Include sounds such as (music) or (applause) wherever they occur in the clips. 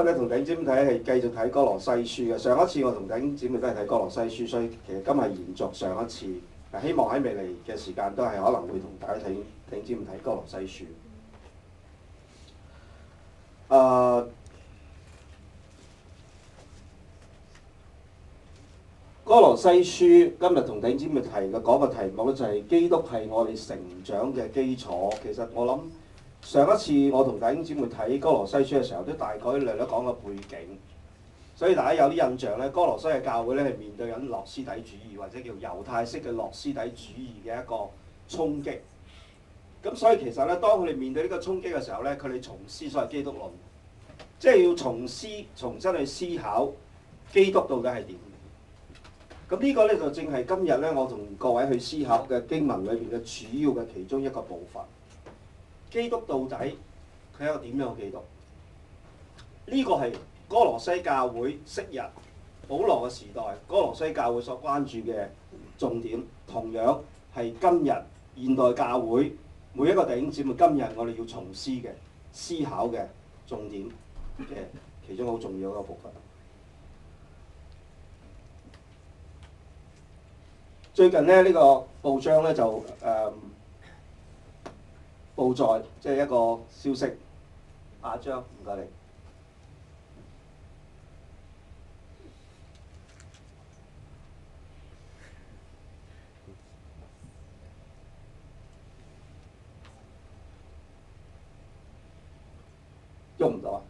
今日同頂尖睇係繼續睇《哥羅西書》嘅，上一次我同頂尖咪都係睇《哥羅西書》，所以其實今日延續上一次，希望喺未來嘅時間都係可能會同大家睇頂尖睇《哥羅西書》。啊，《哥羅西書》今日同頂尖咪提嘅嗰個題目呢，就係，就係基督係我哋成長嘅基礎。其實我諗。上一次我同弟兄姊妹睇《哥羅西書》嘅時候，都大概略略講個背景，所以大家有啲印象咧，《哥羅西》嘅教會咧係面對緊諾斯底主義或者叫猶太式嘅諾斯底主義嘅一個衝擊。咁所以其實咧，當佢哋面對呢個衝擊嘅時候咧，佢哋重思所謂基督論，即係要重思重新去思考基督到底係點。咁呢個咧就正係今日咧，我同各位去思考嘅經文裏邊嘅主要嘅其中一個部分。基督到底佢係一個點樣嘅基督？呢、這個係哥羅西教會昔日保羅嘅時代，哥羅西教會所關注嘅重點，同樣係今日現代教會每一個弟兄姊妹今日我哋要重思嘅思考嘅重點嘅其中好重要一個部分。最近咧，呢、這個報章咧就誒。呃報載即係一個消息，阿張唔該你，用唔到。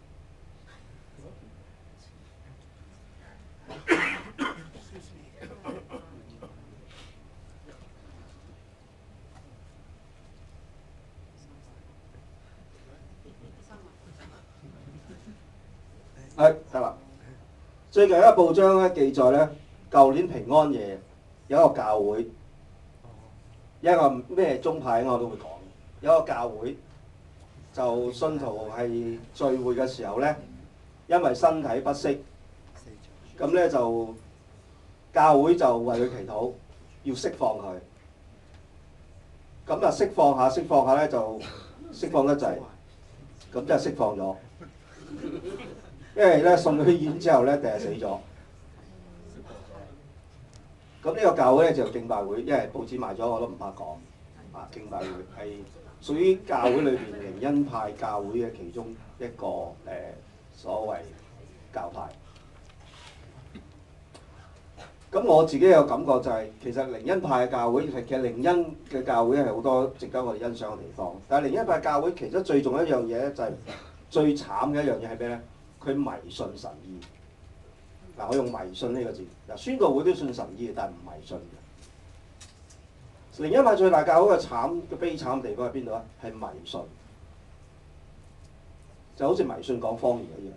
係得啦。最近一個報章咧記載咧，舊年平安夜有一個教會，一個咩宗派我都會講，有一個教會就信徒係聚會嘅時候咧，因為身體不適，咁咧就教會就為佢祈禱，要釋放佢。咁啊釋放下釋放下咧就釋放得滯，咁就係釋放咗。因為咧送佢去醫院之後咧，定係死咗。咁呢個教會咧就敬拜會，因為報紙賣咗，我都唔怕講。啊，敬拜會係屬於教會裏邊靈恩派教會嘅其中一個誒、啊、所謂教派。咁我自己有感覺就係，其實靈恩派教會，其實靈恩嘅教會係好多值得我哋欣賞嘅地方。但係靈恩派教會其實最重一樣嘢咧，就係最慘嘅一樣嘢係咩咧？佢迷信神醫，嗱，我用迷信呢個字，嗱，宣道會都信神醫，但係唔迷信嘅。另一位最大教好嘅慘嘅悲慘地方喺邊度咧？係迷信，就好似迷信講方言一樣。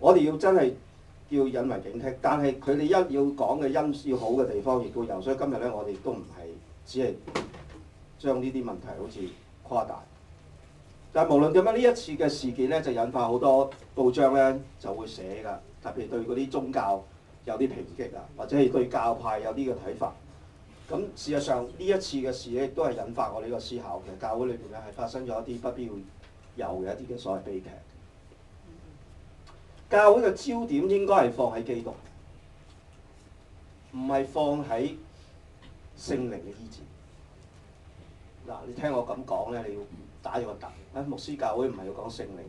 我哋要真係要引為警惕，但係佢哋一要講嘅音要好嘅地方亦都有，所以今日咧我哋都唔係只係將呢啲問題好似誇大。但係無論點樣，呢一次嘅事件咧，就引發好多報章咧就會寫㗎，特別對嗰啲宗教有啲抨擊啊，或者係對教派有啲嘅睇法。咁事實上呢一次嘅事咧，都係引發我哋呢個思考嘅。教會裏邊咧係發生咗一啲不必要有嘅一啲嘅所謂悲劇。教會嘅焦點應該係放喺基督，唔係放喺聖靈嘅醫治。嗱，你聽我咁講咧，你要。打咗個彈，啊！牧師，教會唔係要講聖靈，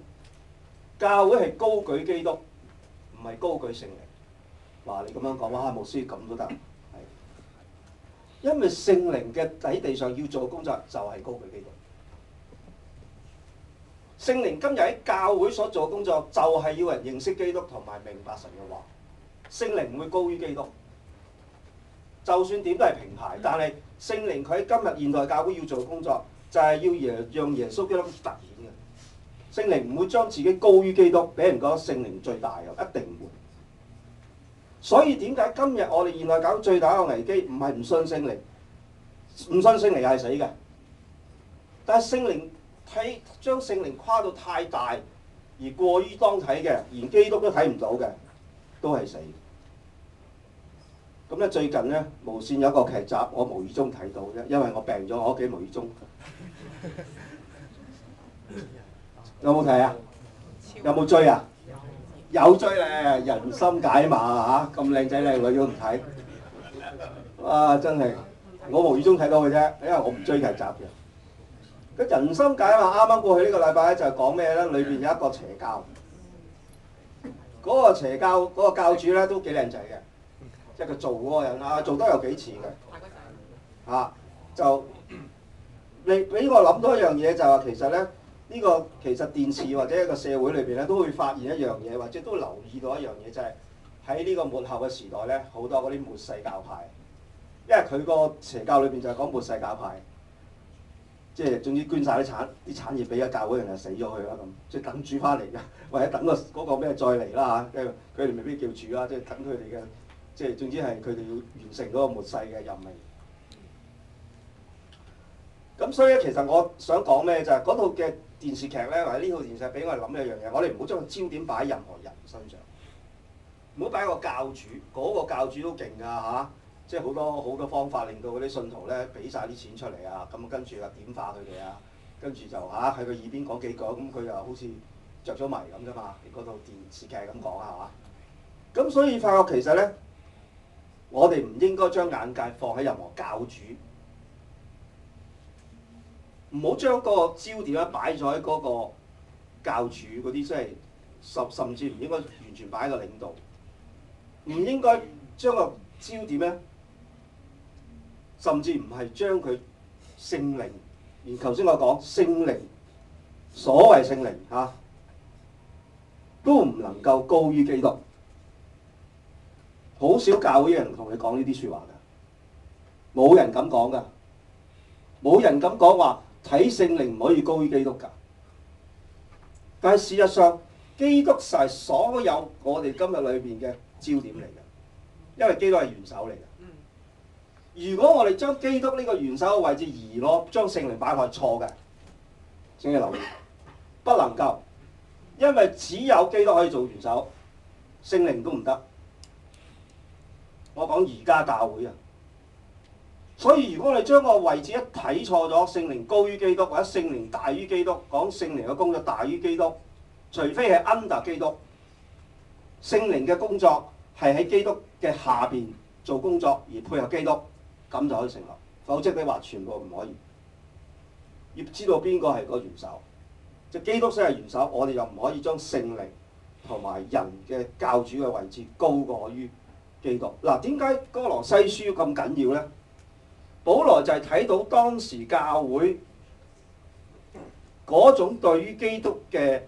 教會係高舉基督，唔係高舉聖靈。話你咁樣講，話啊，牧師，咁都得，係。因為聖靈嘅底地上要做嘅工作就係高舉基督。聖靈今日喺教會所做嘅工作就係要人認識基督同埋明白神嘅話，聖靈唔會高於基督。就算點都係平排，但係聖靈佢喺今日現代教會要做工作。就係要讓耶穌基督突顯嘅聖靈，唔會將自己高於基督，俾人覺得聖靈最大嘅一定唔會。所以點解今日我哋現代搞最大一個危機，唔係唔信聖靈，唔信聖靈又係死嘅。但係聖靈睇將聖靈跨到太大而過於當睇嘅，連基督都睇唔到嘅，都係死。咁咧，最近咧，無線有一個劇集，我無意中睇到啫，因為我病咗，我屋企無意中。有冇睇啊？有冇追啊？有追咧！《人心解碼》啊，咁靚仔靚女都唔睇，哇！真係我無意中睇到嘅啫，因為我唔追劇集嘅。佢《人心解碼》啱啱過去呢個禮拜咧，就係講咩咧？裏邊有一個邪教，嗰個邪教嗰個教主咧都幾靚仔嘅，即係佢做嗰個人啊，做得有幾似嘅，啊就。你俾我諗多一樣嘢就係話其實咧呢個其實電視或者一個社會裏邊咧都會發現一樣嘢，或者都留意到一樣嘢，就係喺呢個末後嘅時代咧，好多嗰啲末世教派，因為佢個邪教裏邊就係講末世教派，即係總之捐晒啲產啲產業俾啊教會人就了了，然後死咗佢啦咁，即係等主翻嚟啊，或者等個嗰咩再嚟啦嚇，即佢哋未必叫主啦，即係等佢哋嘅，即係總之係佢哋要完成嗰個末世嘅任務。咁所以咧，其實我想講咩就係嗰套嘅電視劇咧，或者呢套電視劇俾我哋諗一樣嘢，我哋唔好將焦點擺喺任何人身上，唔好擺個教主，嗰、嗰個教主都勁啊嚇！即係好多好多方法令到嗰啲信徒咧俾晒啲錢出嚟啊，咁跟住又點化佢哋啊，跟住就吓喺佢耳邊講幾句，咁佢又好似着咗迷咁噶嘛？嗰套電視劇咁講係嘛？咁、啊、所以發覺其實咧，我哋唔應該將眼界放喺任何教主。唔好將個焦點咧擺在嗰個教主嗰啲，即係甚甚至唔應該完全擺喺個領導。唔應該將個焦點咧，甚至唔係將佢聖靈。而頭先我講聖靈，所謂聖靈嚇，都唔能夠高於基督。好少教會有人同你講呢啲説話㗎，冇人敢講㗎，冇人敢講話。睇聖靈唔可以高於基督噶，但係事實上，基督係所有我哋今日裏邊嘅焦點嚟嘅，因為基督係元首嚟嘅。如果我哋將基督呢個元首嘅位置移落，將聖靈擺落係錯嘅。請你留意，不能夠，因為只有基督可以做元首，聖靈都唔得。我講而家教會啊。所以，如果你將個位置一睇錯咗，聖靈高於基督或者聖靈大於基督，講聖靈嘅工作大於基督，除非係 under 基督，聖靈嘅工作係喺基督嘅下邊做工作而配合基督，咁就可以成立。否則你話全部唔可以，要知道邊個係個元首，就基督先係元首，我哋又唔可以將聖靈同埋人嘅教主嘅位置高過於基督。嗱、啊，點解哥羅西書咁緊要咧？保羅就係睇到當時教會嗰種對於基督嘅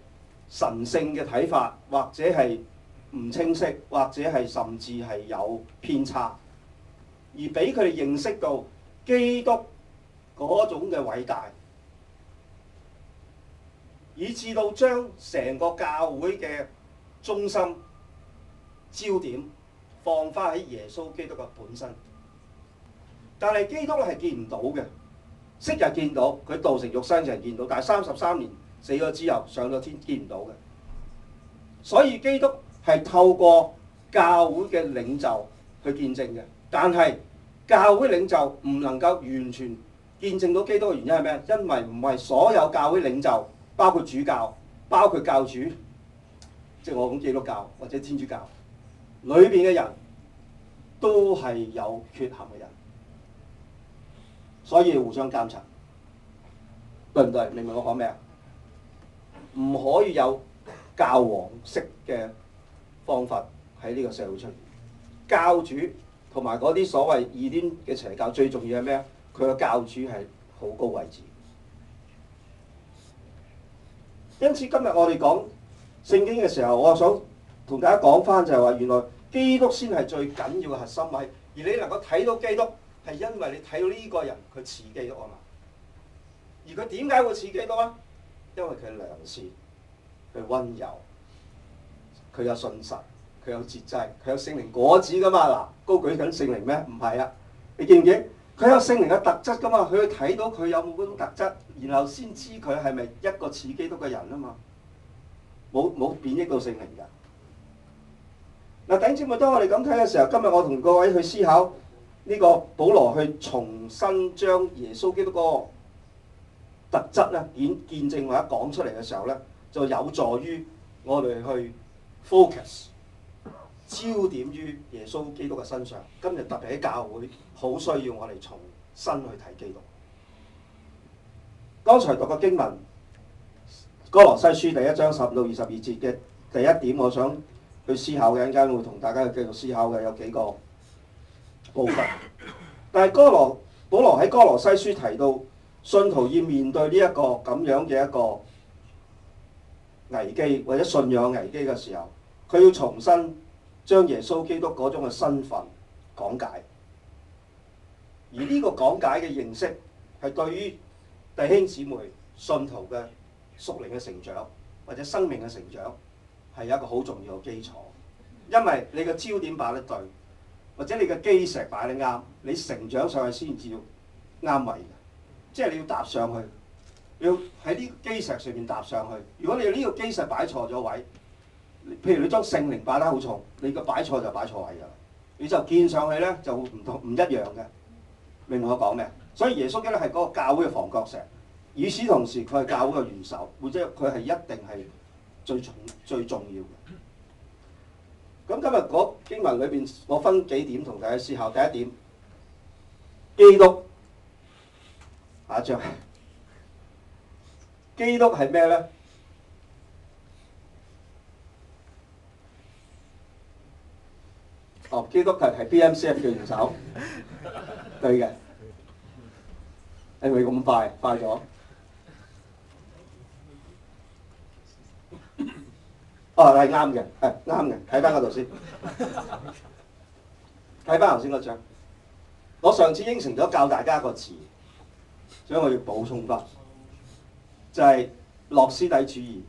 神性嘅睇法，或者係唔清晰，或者係甚至係有偏差，而俾佢哋認識到基督嗰種嘅偉大，以至到將成個教會嘅中心焦點放返喺耶穌基督嘅本身。但係基督係見唔到嘅，昔日見到佢道成肉身就係見到，但係三十三年死咗之後上咗天見唔到嘅。所以基督係透過教會嘅領袖去見證嘅。但係教會領袖唔能夠完全見證到基督嘅原因係咩？因為唔係所有教會領袖，包括主教、包括教主，即係我講基督教或者天主教裏邊嘅人都係有缺陷嘅人。所以互相係因為你睇到呢個人，佢似基督啊嘛。而佢點解會似基督啊？因為佢係良善，佢温柔，佢有信實，佢有節制，佢有聖靈果子噶嘛。嗱，高舉緊聖靈咩？唔係啊，你記唔記？佢有聖靈嘅特質噶嘛。佢去睇到佢有冇嗰種特質，然後先知佢係咪一個似基督嘅人啊嘛。冇冇貶抑到聖靈㗎。嗱、啊，頂住咪當我哋咁睇嘅時候，今日我同各位去思考。呢個保羅去重新將耶穌基督個特質咧，見見證或者講出嚟嘅時候咧，就有助於我哋去 focus 焦點於耶穌基督嘅身上。今日特別喺教會好需要我哋重新去睇基督。剛才讀過經文《哥羅西書》第一章十到二十二節嘅第一點，我想去思考嘅陣間會同大家去繼續思考嘅有幾個部分，但係哥羅保羅喺哥羅西書提到，信徒要面對呢、這、一個咁樣嘅一個危機或者信仰危機嘅時候，佢要重新將耶穌基督嗰種嘅身份講解，而呢個講解嘅認識係對於弟兄姊妹信徒嘅屬靈嘅成長或者生命嘅成長係有一個好重要嘅基礎，因為你個焦點擺得對。或者你個基石擺得啱，你成長上去先至要啱位嘅，即係你要搭上去，你要喺呢個基石上面搭上去。如果你呢個基石擺錯咗位，譬如你將聖靈擺得好重，你個擺錯就擺錯位㗎啦。你就建上去咧就唔同唔一樣嘅，明我講咩？所以耶穌基督係嗰個教會嘅房角石，與此同時佢係教會嘅元首，或者佢係一定係最重最重要嘅。咁今日嗰經文裏邊，我分幾點同大家思考。第一點，基督，下一張，基督係咩呢？哦，基督係係 BMCM 嘅元首，對嘅。係咪咁快，快咗。我係啱嘅，係啱嘅。睇翻嗰度先，睇翻頭先嗰張。我上次應承咗教大家一個詞，所以我要補充翻，就係、是、諾斯底主義。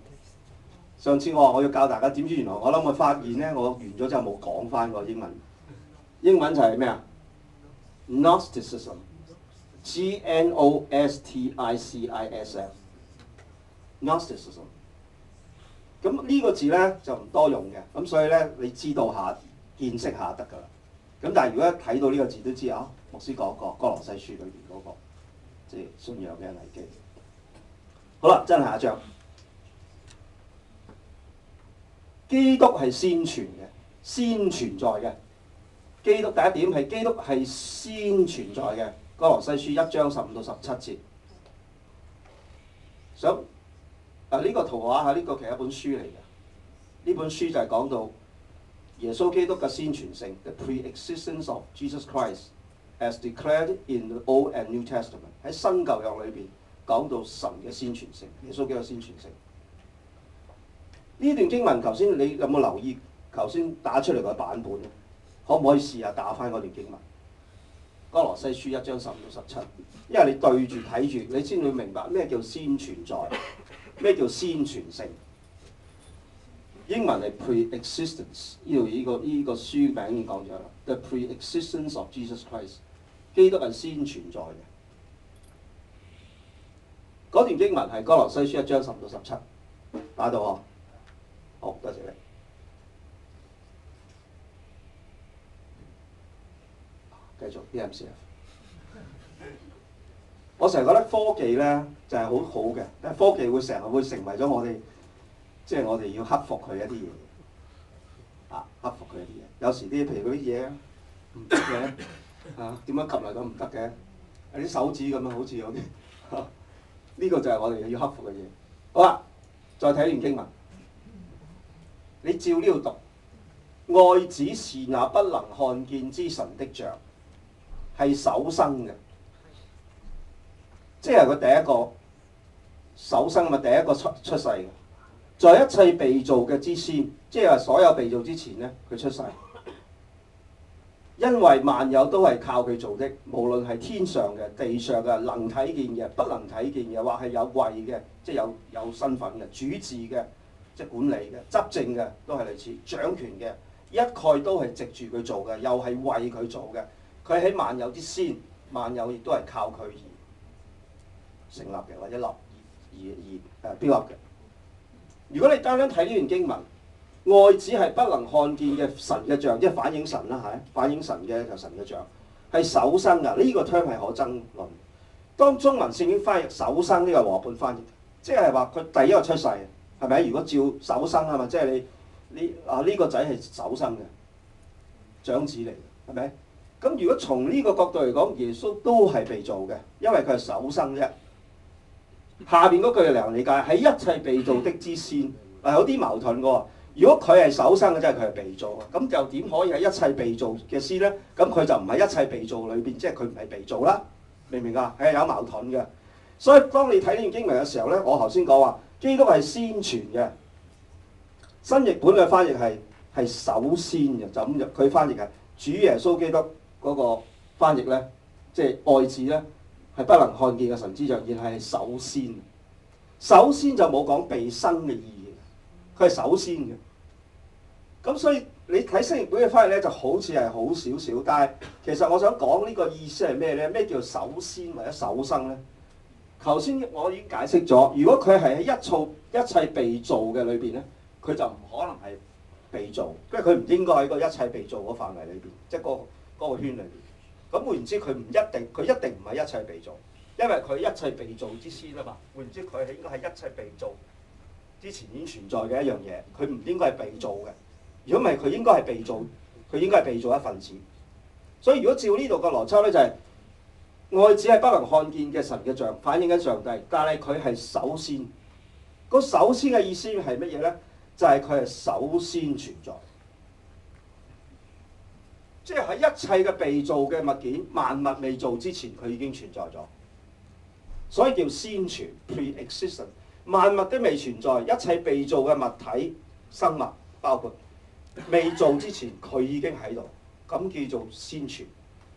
上次我話我要教大家點知，原來我諗我發現咧，我完咗之後冇講翻個英文。英文就係咩啊？Gnosticism。G N O S T I C I S M。Gnosticism。咁呢個字咧就唔多用嘅，咁所以咧你知道下、見識下得噶啦。咁但係如果一睇到呢個字都知啊，牧師講過《哥羅西書裡面、那個》裏邊嗰個即係信仰嘅危機。好啦，真係下一章。基督係先存嘅，先存在嘅。基督第一點係基督係先存在嘅，《哥羅西書》一章十五到十七節。想。嗱，呢個圖畫喺呢個其實一本書嚟嘅。呢本書就係講到耶穌基督嘅先存性，The preexistence of Jesus Christ as declared in the Old and New Testament。喺新舊約裏邊講到神嘅先存性，耶穌基督先存性。呢段經文頭先你有冇留意？頭先打出嚟個版本咧，可唔可以試下打返嗰段經文？哥羅西書一章十五到十七，因為你對住睇住，你先會明白咩叫先存在。咩叫先存性？英文係 preexistence，呢度呢個呢個書名已經講咗啦。The preexistence of Jesus Christ，基督係先存在嘅。嗰段英文係《哥羅西書》一章十五到十七，打到啊！好，多謝你。繼續 MCF。我成日覺得科技咧，就係好好嘅，但係科技會成日會成為咗我哋，即係我哋要克服佢一啲嘢，啊，克服佢一啲嘢。有時啲譬如嗰啲嘢唔得嘅，啊，點樣及嚟都唔得嘅，啲手指咁樣好似有啲，呢個就係我哋要克服嘅嘢。好啦，再睇完經文，你照呢度讀，愛子是那不能看見之神的像，係手生嘅，即係佢第一個。首生咪第一個出出世嘅，在一切被造嘅之先，即係所有被造之前咧，佢出世。因為萬有都係靠佢做的，無論係天上嘅、地上嘅、能睇見嘅、不能睇見嘅，或係有位嘅，即係有有身份嘅、主治嘅、即係管理嘅、執政嘅，都係類似掌權嘅，一概都係藉住佢做嘅，又係為佢做嘅。佢喺萬有之先，萬有亦都係靠佢而成立嘅或者立。而而誒標嘅，如果你單單睇呢段經文，愛子係不能看見嘅神嘅像，即係反映神啦，係反映神嘅就神嘅像係首生嘅，呢、這個 term 係可爭論。當中文聖經翻譯首生呢個和合本翻譯，即係話佢第一個出世係咪？如果照首生係咪？即係你你啊呢、這個仔係首生嘅長子嚟，嘅係咪？咁如果從呢個角度嚟講，耶穌都係被造嘅，因為佢係首生啫。下邊嗰句嚟理解喺一切被造的之先，係有啲矛盾嘅。如果佢係首生嘅，即係佢係被造啊！咁就點可以係一切被造嘅先咧？咁佢就唔係一切被造裏邊，即係佢唔係被造啦，明唔明啊？係有矛盾嘅。所以當你睇呢段經文嘅時候咧，我頭先講話基督係先存嘅。新譯本嘅翻譯係係首先嘅，就咁佢翻譯嘅主耶穌基督嗰個翻譯咧，即係愛子咧。係不能看見嘅神之象，而係首先，首先就冇講被生嘅意義，佢係首先嘅。咁所以你睇聖經本嘅翻譯咧，就好似係好少少。但係其實我想講呢個意思係咩咧？咩叫首先或者首生咧？頭先我已經解釋咗，如果佢係喺一措一切被造嘅裏邊咧，佢就唔可能係被造，即係佢唔應該喺個一切被造嘅範圍裏邊，即係個嗰個圈裏邊。咁換言之，佢唔一定，佢一定唔係一切被造，因為佢一切被造之先啊嘛。換言之，佢應該係一切被造之前已經存在嘅一樣嘢，佢唔應該係被造嘅。如果唔係，佢應該係被造，佢應該係被造一份子。所以如果照呢度嘅邏輯咧，就是，就係愛子係不能看見嘅神嘅像，反映緊上帝，但係佢係首先，個首先嘅意思係乜嘢咧？就係佢係首先存在。即係喺一切嘅被造嘅物件，萬物未造之前佢已經存在咗，所以叫先存 （pre-existent）。Pre ent, 萬物都未存在，一切被造嘅物體、生物，包括未造之前佢已經喺度，咁叫做先存。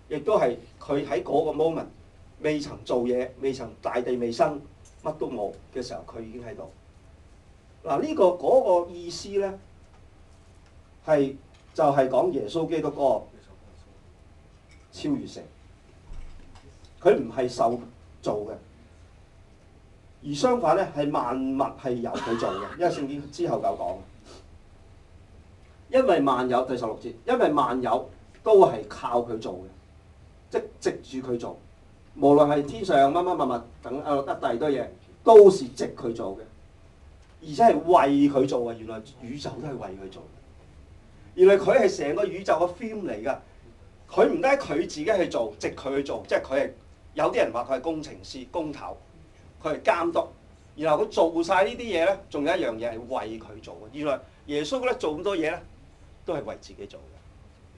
亦都係佢喺嗰個 moment 未曾做嘢、未曾大地未生、乜都冇嘅時候，佢已經喺度。嗱、這、呢個嗰、那個意思咧，係就係、是、講耶穌基督個。超越性，佢唔係受造嘅，而相反咧，係萬物係由佢做嘅。因為聖經之後就講，因為萬有第十六節，因為萬有都係靠佢做嘅，即係藉住佢做，無論係天上乜乜物物等啊，一大堆嘢都是藉佢做嘅，而且係為佢做嘅。原來宇宙都係為佢做嘅，原來佢係成個宇宙嘅 film 嚟噶。佢唔得，佢自己去做，藉佢去做，即係佢係有啲人話佢係工程師、工頭，佢係監督，然後佢做晒呢啲嘢咧，仲有一樣嘢係為佢做嘅。原來耶穌咧做咁多嘢咧，都係為自己做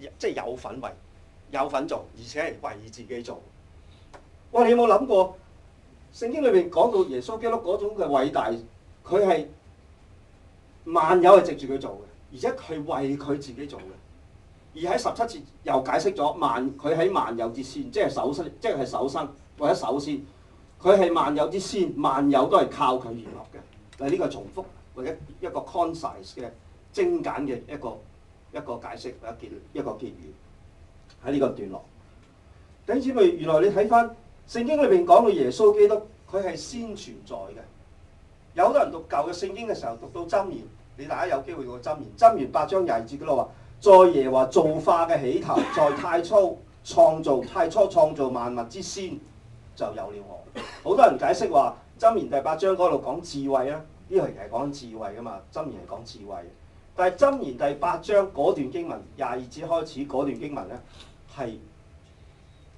嘅，即係有份為、有份做，而且係為自己做。喂，你有冇諗過聖經裏邊講到耶穌基督嗰種嘅偉大？佢係萬有係藉住佢做嘅，而且佢為佢自己做嘅。而喺十七節又解釋咗萬，佢喺萬有之先，即係首生，即係首生或者首先，佢係萬有之先，萬有都係靠佢而立嘅。嗱，呢個重複或者一個 concise 嘅精簡嘅一個一個解釋或者結一個結語喺呢個段落。弟兄姊妹，原來你睇翻聖經裏邊講到耶穌基督，佢係先存在嘅。有好多人讀舊嘅聖經嘅時候讀到箴言，你大家有機會讀個箴言，箴言八章廿二節嘅咯。在耶和華造化嘅起頭，在太初創造太初創造萬物之先，就有了我。好多人解釋話《箴言》第八章嗰度講智慧啊，呢個係講智慧噶嘛，《箴言》係講智慧。這個、智慧智慧但係《箴言》第八章嗰段經文廿二節開始嗰段經文咧，係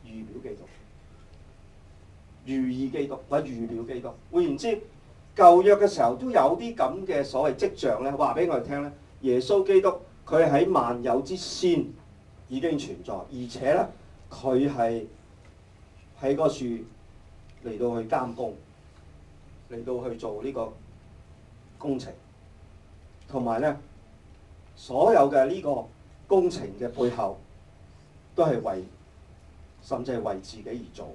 預表基督、預意基督或者預表基督。換言之，舊約嘅時候都有啲咁嘅所謂跡象咧，話俾我哋聽咧，耶穌基督。佢喺萬有之先已經存在，而且咧佢係喺個樹嚟到去監工，嚟到去做呢個工程，同埋咧所有嘅呢個工程嘅背後都係為甚至係為自己而做。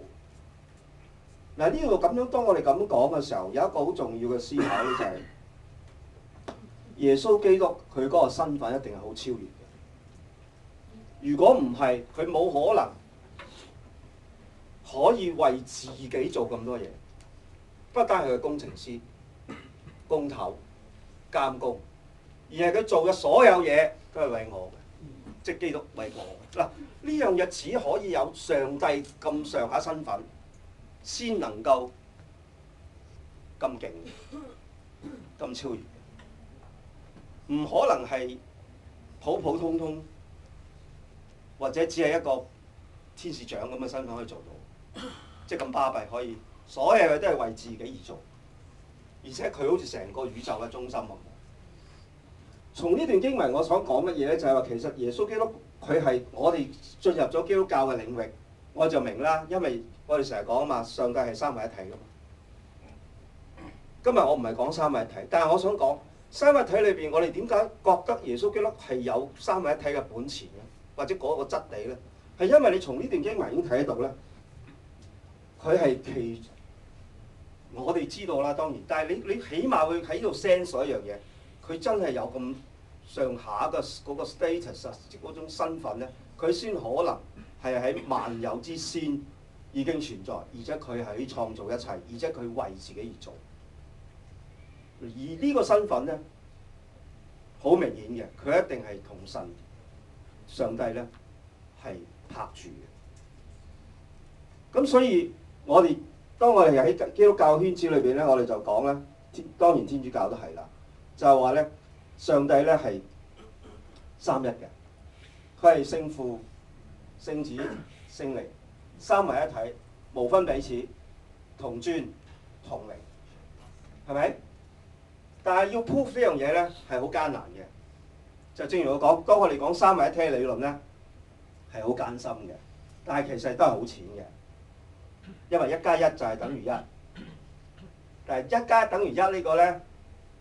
嗱、這、呢個咁樣，當我哋咁講嘅時候，有一個好重要嘅思考咧就係、是。耶穌基督佢嗰個身份一定係好超越嘅。如果唔係，佢冇可能可以為自己做咁多嘢。不單係佢嘅工程師、工頭、監工，而係佢做嘅所有嘢都係為我嘅，即係基督為我嘅。嗱，呢樣嘢只可以有上帝咁上下身份，先能夠咁勁、咁超越。唔可能係普普通通，或者只係一個天使長咁嘅身份可以做到，即係咁巴閉可以。所有嘢都係為自己而做，而且佢好似成個宇宙嘅中心咁。從呢段經文，我想講乜嘢咧？就係、是、話其實耶穌基督佢係我哋進入咗基督教嘅領域，我就明啦。因為我哋成日講啊嘛，上帝係三位一體㗎嘛。今日我唔係講三位一體，但係我想講。三位一體裏邊，我哋點解覺得耶穌基督係有三位一體嘅本錢咧，或者嗰個質地咧？係因為你從呢段經文已經睇得到咧，佢係其我哋知道啦，當然。但係你你起碼會喺度 sense 一樣嘢，佢真係有咁上下嘅嗰、嗰個 status 嗰種身份咧，佢先可能係喺萬有之先已經存在，而且佢係創造一切，而且佢為自己而做。而呢個身份咧，好明顯嘅，佢一定係同神、上帝咧係拍住嘅。咁所以我哋當我哋喺基督教圈子裏邊咧，我哋就講咧，天，當然天主教都係啦，就係話咧，上帝咧係三一嘅，佢係聖父、聖子、聖靈三為一體，無分彼此，同尊同榮，係咪？但係要 prove 呢樣嘢咧係好艱難嘅，就正如我講，當我哋講三位一體理論咧係好艱深嘅，但係其實都係好淺嘅，因為一加一就係等於一，但係一加一等於一呢個咧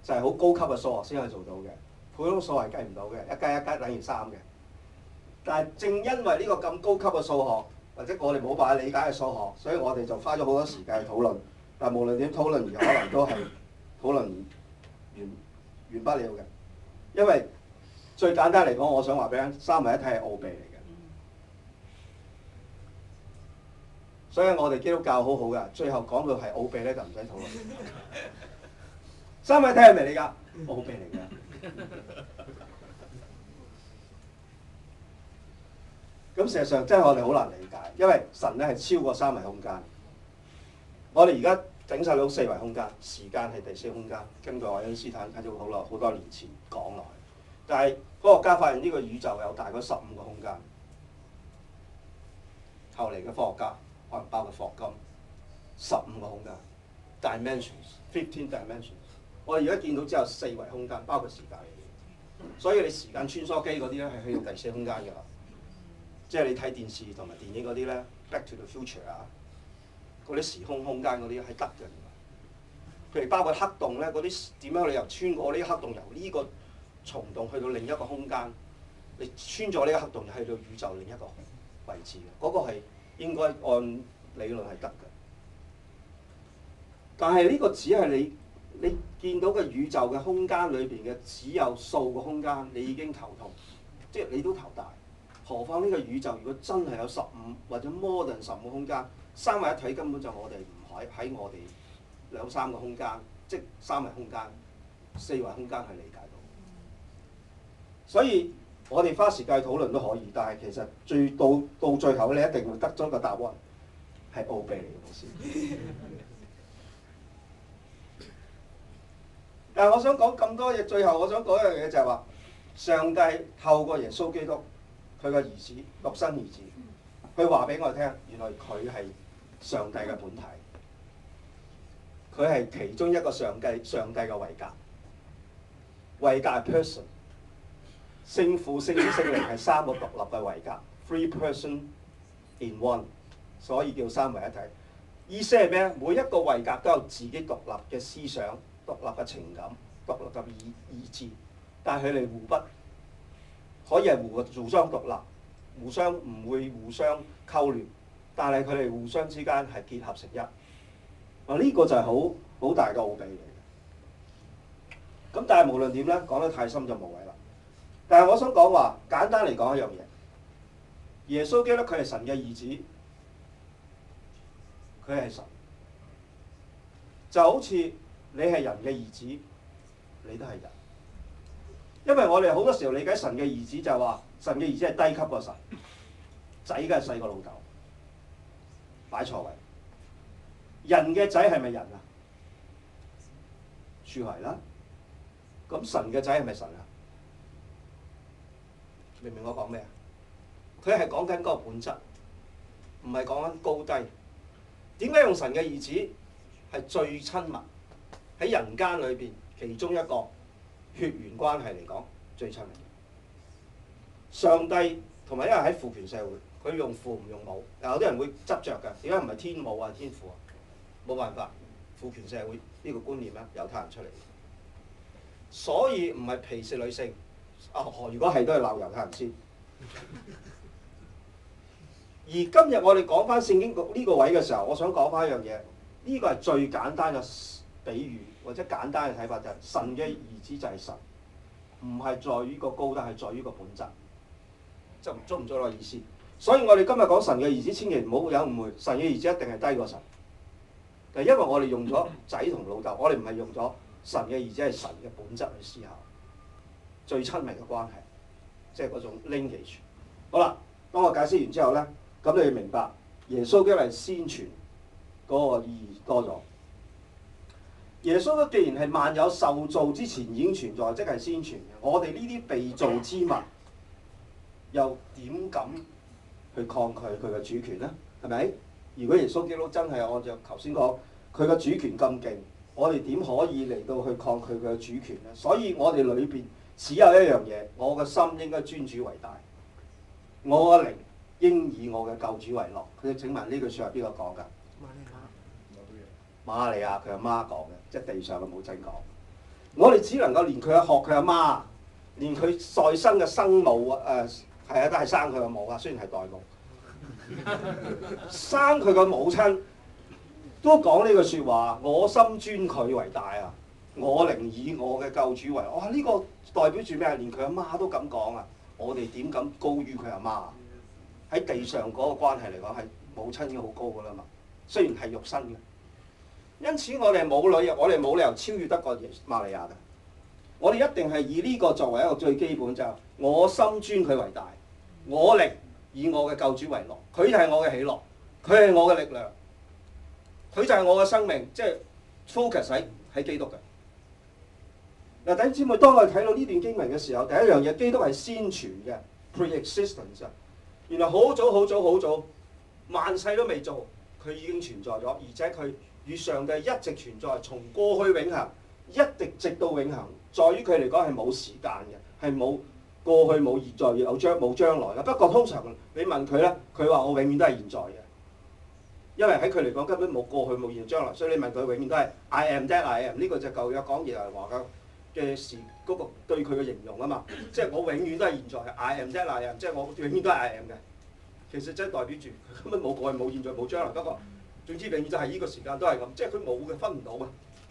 就係、是、好高級嘅數學先可以做到嘅，普通數學係計唔到嘅，一加一加一等於三嘅。但係正因為呢個咁高級嘅數學，或者我哋冇辦法理解嘅數學，所以我哋就花咗好多時間去討論，但係無論點討論，而可能都係討論完完不了嘅，因為最簡單嚟講，我想話俾你聽，三位一體係奧秘嚟嘅，所以我哋基督教好好噶，最後講到係奧秘咧，就唔使討論。三位一體係咪嚟噶？奧秘嚟噶。咁事 (laughs) 實上即係我哋好難理解，因為神咧係超過三維空間，我哋而家。整晒到四維空間，時間係第四空間。根據愛因斯坦喺好耐好多年前講落去，但係科學家發現呢個宇宙有大概十五個空間。後嚟嘅科學家可能包括霍金，十五個空間 dimensions，fifteen dimensions。Dim s Dim 我而家見到只有四維空間，包括時間。所以你時間穿梭機嗰啲咧係去到第四空間㗎啦。即係你睇電視同埋電影嗰啲咧，Back to the Future 啊。嗰啲時空空間嗰啲係得嘅，譬如包括黑洞咧，嗰啲點樣你由穿過呢個黑洞，由呢個蟲洞去到另一個空間，你穿咗呢個黑洞就去到宇宙另一個位置嘅，嗰、那個係應該按理論係得嘅。但係呢個只係你你見到嘅宇宙嘅空間裏邊嘅只有數個空間，你已經頭痛，即係你都頭大，何況呢個宇宙如果真係有十五或者 more than 十五個空間？三位一體根本就我哋唔可以喺我哋兩三個空間，即三維空間、四維空間去理解到。所以我哋花時間討論都可以，但係其實最到到最後咧，一定會得咗一個答案係奧秘嚟嘅老師。 (laughs) 但係我想講咁多嘢，最後我想講一樣嘢就係話，上帝透過耶穌基督佢個兒子獨生兒子，佢話俾我聽，原來佢係，上帝嘅本體，佢係其中一個上帝上帝嘅位格。位格係 person，聖父、聖子、聖靈係三個獨立嘅位格，three person in one，所以叫三位一體。意思係咩？每一個位格都有自己獨立嘅思想、獨立嘅情感、獨立嘅意意志，但係佢哋互不可以係互相獨立，互相唔會互相勾聯。但係佢哋互相之間係結合成一，啊呢個就係好好大嘅奧秘嚟嘅。咁但係無論點咧，講得太深就無謂啦。但係我想講話，簡單嚟講一樣嘢，耶穌基督佢係神嘅兒子，佢係神，就好似你係人嘅兒子，你都係人。因為我哋好多時候理解神嘅兒子就係話，神嘅兒子係低級過神，仔梗係細過老豆。擺錯位，人嘅仔係咪人啊？樹孩啦，咁神嘅仔係咪神啊？明唔明我講咩啊？佢係講緊嗰個本質，唔係講緊高低。點解用神嘅兒子係最親密？喺人間裏邊，其中一個血緣關係嚟講最親密。上帝同埋，因為喺父權社會。佢用父唔用母，有啲人會執着嘅。點解唔係天母啊？天父啊？冇辦法，父權社會呢個觀念咧，猶太人出嚟。所以唔係鄙視女性。啊、哦！如果係都係鬧猶太人先。 (laughs) 而今日我哋講返聖經呢個位嘅時候，我想講返一樣嘢。呢、這個係最簡單嘅比喻，或者簡單嘅睇法就係、是、神嘅兒子就係神，唔係在於個高低，係在於個本質。嗯、就捉唔捉落意思？所以我哋今日講神嘅兒子，千祈唔好有誤會。神嘅兒子一定係低過神，但因為我哋用咗仔同老豆，我哋唔係用咗神嘅兒子，係神嘅本質去思考，最親密嘅關係，即係嗰種 language。好啦，當我解釋完之後咧，咁你哋明白耶穌一嚟宣傳嗰個意義多咗。耶穌既然係萬有受造之前已經存在，即係宣傳嘅。我哋呢啲被造之物，又點敢？去抗拒佢嘅主權啦，係咪？如果耶穌基督真係，我就頭先講，佢嘅主權咁勁，我哋點可以嚟到去抗拒佢嘅主權咧？所以我哋裏邊只有一樣嘢，我嘅心應該尊主為大，我嘅靈應以我嘅救主為樂。請問呢句説話係邊個講㗎？瑪利亞，瑪利亞佢阿媽講嘅，即係地上嘅母親講。我哋只能夠連佢學佢阿媽，連佢再生嘅生母誒。呃係啊，都係生佢個母啊，雖然係代母。 (laughs) 生佢個母親都講呢句説話：我心尊佢為大啊！我靈以我嘅救主為。哇、哦！呢、呢個代表住咩啊？連佢阿媽都咁講啊！我哋點敢高於佢阿媽？喺地上嗰個關係嚟講，係母親已經好高噶啦嘛。雖然係肉身嘅，因此我哋冇理，我哋冇理由超越得過馬利亞嘅啊！我哋一定係以呢個作為一個最基本，就係我心尊佢為大，我力，以我嘅救主為樂，佢就係我嘅喜樂，佢係我嘅力量，佢就係我嘅生命，即係 focus 喺喺基督嘅嗱，弟兄姊妹，當我哋睇到呢段經文嘅時候，第一樣嘢，基督係先存嘅 preexistence，原來好早好早好早，萬世都未做，佢已經存在咗，而且佢與上帝一直存在，從過去永恆，一直直到永恆。在於佢嚟講係冇時間嘅，係冇過去冇現在有將冇將來嘅。不過通常你問佢咧，佢話我永遠都係現在嘅，因為喺佢嚟講根本冇過去冇現在冇將來。所以你問佢永遠都係 I am that I am 呢個就舊約講嘢嚟話嘅嘅事嗰個對佢嘅形容啊嘛，即係我永遠都係現在 I am that I am，即係我永遠都係 I am 嘅。其實即係代表住佢根本冇過去冇現在冇將來。不過總之永遠就係呢個時間都係咁，即係佢冇嘅分唔到嘛。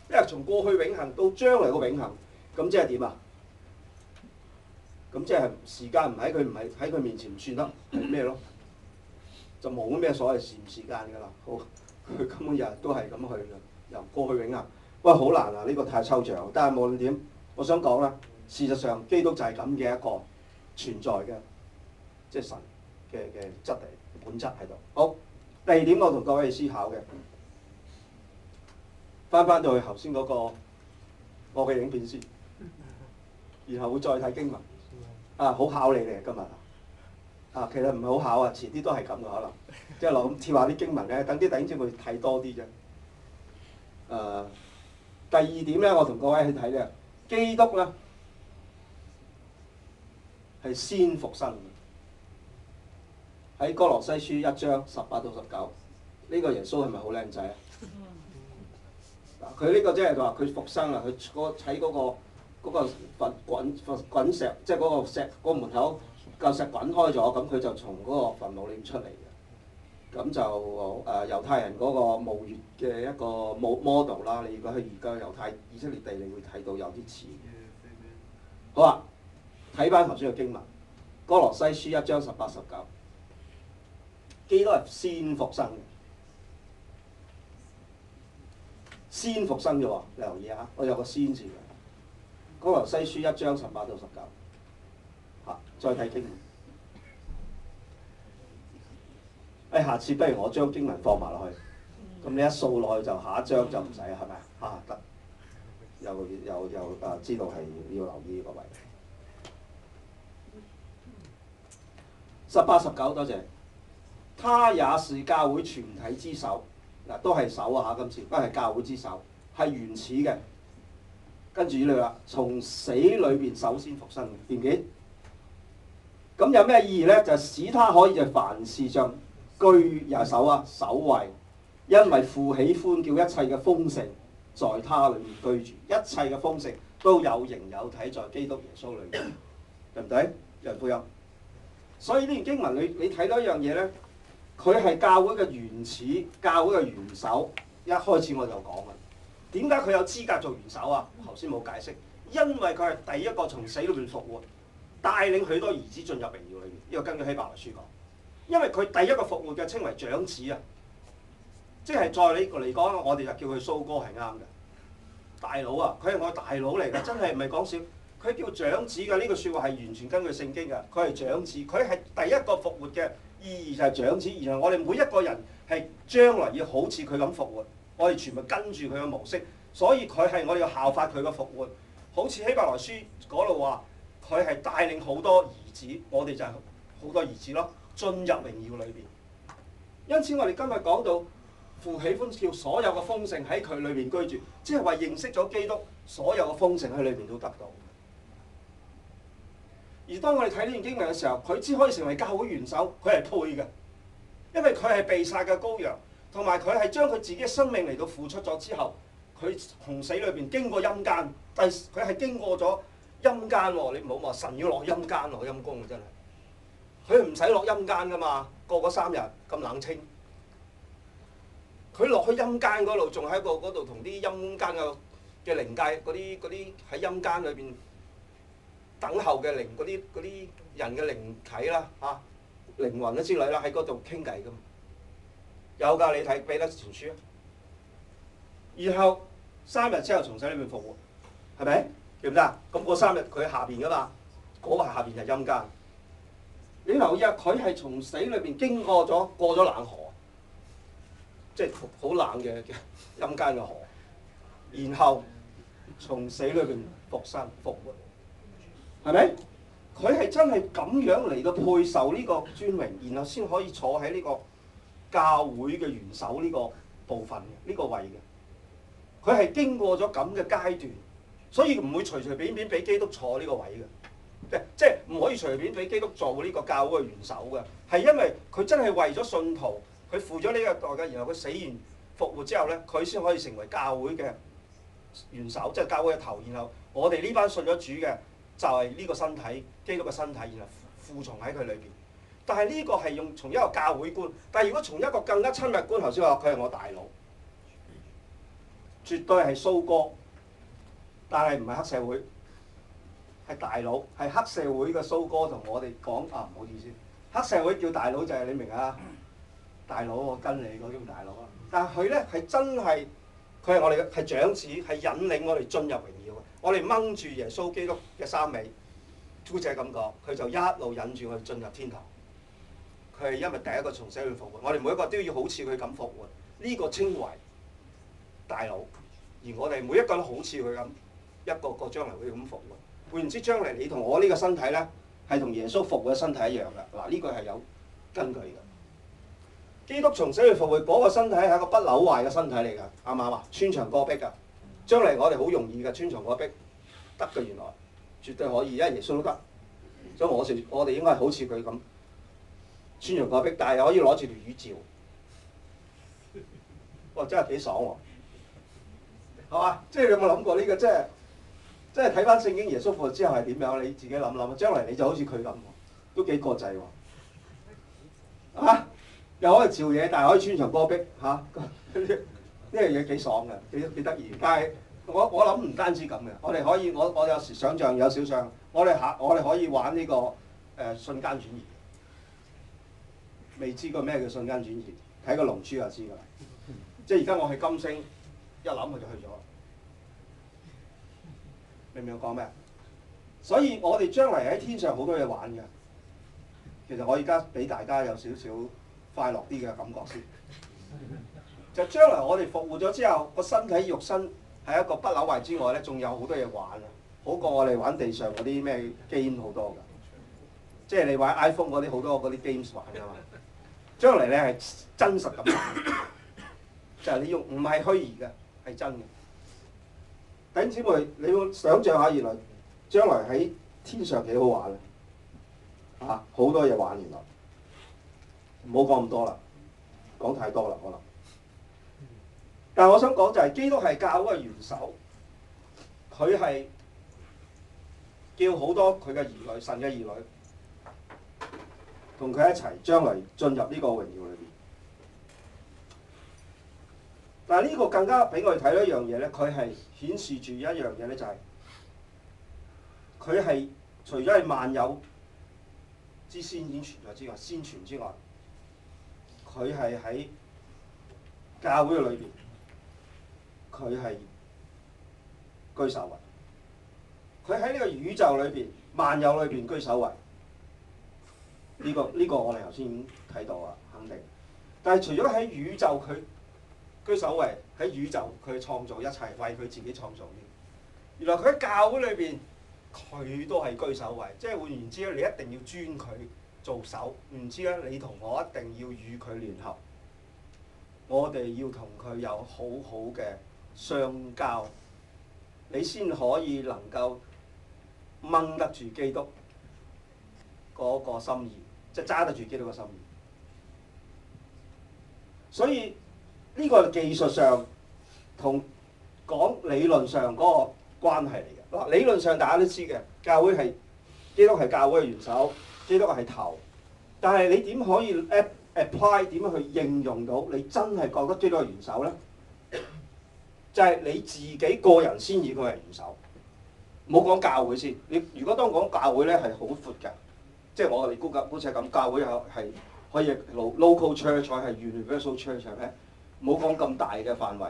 因為從過去永恆到將來嘅永恆。咁即係點啊？咁即係時間唔喺佢唔係喺佢面前唔算得，係咩咯？就冇咩所謂時唔時間噶啦。好，佢今日都係咁去啦。由過去永啊，喂，好難啊！呢個太抽象，但係無論點，我想講啦。事實上，基督就係咁嘅一個存在嘅，即係神嘅嘅質地本質喺度。好，第二點我同各位思考嘅，翻翻到去頭先嗰個我嘅影片先。然後會再睇經文，啊好考你哋今日，啊其實唔係好考啊，遲啲都係咁嘅可能，即係攞咁跳下啲經文咧，等啲弟兄們睇多啲啫。誒、呃，第二點咧，我同各位去睇咧，基督咧係先復生，喺哥羅西書一章十八到十九，呢個耶穌係咪好靚仔啊？佢呢個即係話佢復生啦，佢嗰喺嗰個。嗰個滾滾滾石，即係嗰個石、嗰個門口，嚿石滾開咗，咁佢就從嗰個墳墓裏面出嚟嘅。咁就誒、呃、猶太人嗰個墓穴嘅一個模 model 啦，你如果去而家猶太以色列地，你會睇到有啲似。好啊，睇翻頭先嘅經文，《哥羅西書》一章十八十九，基督係先復生嘅，先復生嘅喎，你留意下，我有個先字。《歌羅西書》一章十八到十九，嚇、啊，再睇經文。誒、哎，下次不如我將經文放埋落去，咁你一掃落去就下一章就唔使啦，係咪啊？得，又又又誒知道係要留意呢個位置。十八十九，多謝。他也是教會全體之首，嗱都係首啊！嚇、啊，今次都係、啊、教會之首，係原始嘅。跟住呢度啦，從死裏邊首先復生嘅，見唔見？咁有咩意義呢？就使他可以就凡事上居也首，啊首位，因為父喜歡叫一切嘅豐盛在他裏面居住，一切嘅豐盛都有形有體在基督耶穌裏面，對唔對？人配合，所以呢段經文裏你你睇到一樣嘢呢？佢係教會嘅原始，教會嘅元首，一開始我就講點解佢有資格做元首啊？頭先冇解釋，因為佢係第一個從死裏面復活，帶領許多兒子進入榮耀裏面。呢個根據希伯來書講，因為佢第一個復活嘅稱為長子啊，即係再呢個嚟講，我哋就叫佢蘇哥係啱嘅。大佬啊，佢係我大佬嚟嘅，真係唔係講笑。佢叫長子嘅呢個說話係完全根據聖經嘅。佢係長子，佢係第一個復活嘅，意義就係長子。然後我哋每一個人係將來要好似佢咁復活。我哋全部跟住佢嘅模式，所以佢係我哋要效法佢嘅復活。好似希伯來書嗰度話，佢係帶領好多兒子，我哋就係好多兒子咯，進入榮耀裏邊。因此我哋今日講到父喜歡叫所有嘅豐盛喺佢裏邊居住，即係話認識咗基督，所有嘅豐盛喺裏邊都得到。而當我哋睇呢段經文嘅時候，佢只可以成為教會元首，佢係配嘅，因為佢係被殺嘅羔羊。同埋佢係將佢自己嘅生命嚟到付出咗之後，佢從死裏邊經過陰間，但係佢係經過咗陰間喎。你唔好話神要落陰間落陰功啊，真係佢唔使落陰間噶嘛，過嗰三日咁冷清，佢落去陰間嗰度仲喺個度同啲陰間嘅嘅靈界嗰啲啲喺陰間裏邊等候嘅靈嗰啲啲人嘅靈體啦嚇靈魂啦之類啦，喺嗰度傾偈噶。有噶，你睇彼得前書啊！然後三日之後從死裏面復活，係咪？記唔得啊？咁嗰三日佢喺下邊噶嘛？嗰排下邊就陰間。你留意下，佢係從死裏邊經過咗，過咗冷河，即係好冷嘅陰間嘅河。然後從死裏邊復生復活，係咪？佢係真係咁樣嚟到配受呢個尊榮，然後先可以坐喺呢、這個。教會嘅元首呢個部分嘅呢、這個位嘅，佢係經過咗咁嘅階段，所以唔會隨隨便便俾基督坐呢個位嘅，即係即係唔可以隨便俾基督做呢個教會嘅元首嘅，係因為佢真係為咗信徒，佢付咗呢個代價，然後佢死完復活之後咧，佢先可以成為教會嘅元首，即係教會嘅頭。然後我哋呢班信咗主嘅，就係、是、呢個身體，基督嘅身體，然後服從喺佢裏邊。但係呢個係用從一個教會觀，但係如果從一個更加親密觀，頭先話佢係我大佬，絕對係蘇哥，但係唔係黑社會，係大佬係黑社會嘅蘇哥同我哋講啊。唔好意思，黑社會叫大佬就係、是、你明啊， (laughs) 大佬我跟你嗰種大佬啊。但係佢咧係真係佢係我哋嘅係長子，係引領我哋進入榮耀。我哋掹住耶穌基督嘅衫尾姑姐咁講，佢就一路引住我哋進入天堂。佢係因為第一個從死復活，我哋每一個都要好似佢咁復活。呢個稱為大佬，而我哋每一個都好似佢咁，一個個將來會咁復活。換言之，將來你同我呢個身體咧，係同耶穌復活嘅身體一樣嘅。嗱，呢個係有根據嘅。基督從死復活嗰個身體係一個不朽壞嘅身體嚟嘅，啱唔啱啊？穿牆過壁㗎，將來我哋好容易嘅穿牆過壁得嘅，原來絕對可以，因為耶穌都得。所以我哋我哋應該係好似佢咁。穿牆過壁，但係又可以攞住條魚照。哇！真係幾爽喎，係嘛？即係你有冇諗過呢、這個？即係即係睇翻聖經耶穌復活之後係點樣？你自己諗諗，將來你就好似佢咁，都幾國際喎，又可以照嘢，但係可以穿牆過壁，嚇、啊！呢樣嘢幾爽嘅，幾幾得意。但係我我諗唔單止咁嘅，我哋可以我我有時想象有少少，我哋下我哋可以玩呢、這個誒、呃、瞬間轉移。未知個咩叫瞬間轉移，睇個龍珠就知噶啦。即係而家我去金星，一諗我就去咗，明唔明我講咩？所以我哋將嚟喺天上好多嘢玩㗎。其實我而家俾大家有少少快樂啲嘅感覺先。就將嚟我哋復活咗之後，個身體肉身喺一個不朽位之外咧，仲有好多嘢玩啊！好過我哋玩地上嗰啲咩 game 好多㗎。即係你玩 iPhone 嗰啲好多嗰啲 games 玩㗎嘛？將嚟咧係真實咁， (coughs) 就係你用唔係虛擬嘅，係真嘅。弟姐妹，你要想象下原來將來喺天上幾好玩啊！好多嘢玩原來，唔好講咁多啦，講太多啦可能。但係我想講就係基督係教嗰個元首，佢係叫好多佢嘅兒女，神嘅兒女。同佢一齊將來進入呢個榮耀裏邊。但呢個更加俾我哋睇一樣嘢咧，佢係顯示住一樣嘢咧，就係佢係除咗係萬有之先已經存在之外，先存之外，佢係喺教會裏邊，佢係居首位。佢喺呢個宇宙裏邊、萬有裏邊居首位。呢個呢個，我哋頭先已經睇到啊，肯定。但係除咗喺宇宙，佢居首位；喺宇宙，佢創造一切，為佢自己創造啲。原來佢喺教會裏邊，佢都係居首位。即係換言之咧，你一定要尊佢做首。唔知之咧，你同我一定要與佢聯合。我哋要同佢有好好嘅相交，你先可以能夠掹得住基督嗰個心意。即係揸得住基督嘅心意，所以呢、這個技術上同講理論上嗰個關係嚟嘅。嗱，理論上大家都知嘅，教會係基督係教會嘅元首，基督係頭。但係你點可以 apply 點樣去應用到你真係覺得基督係元首咧？就係、是、你自己個人先係個元首，冇講教會先。你如果當講教會咧，係好闊㗎。即係我哋估計，好似係咁教會又係可以 local church 係 universal church 係咩？唔好講咁大嘅範圍。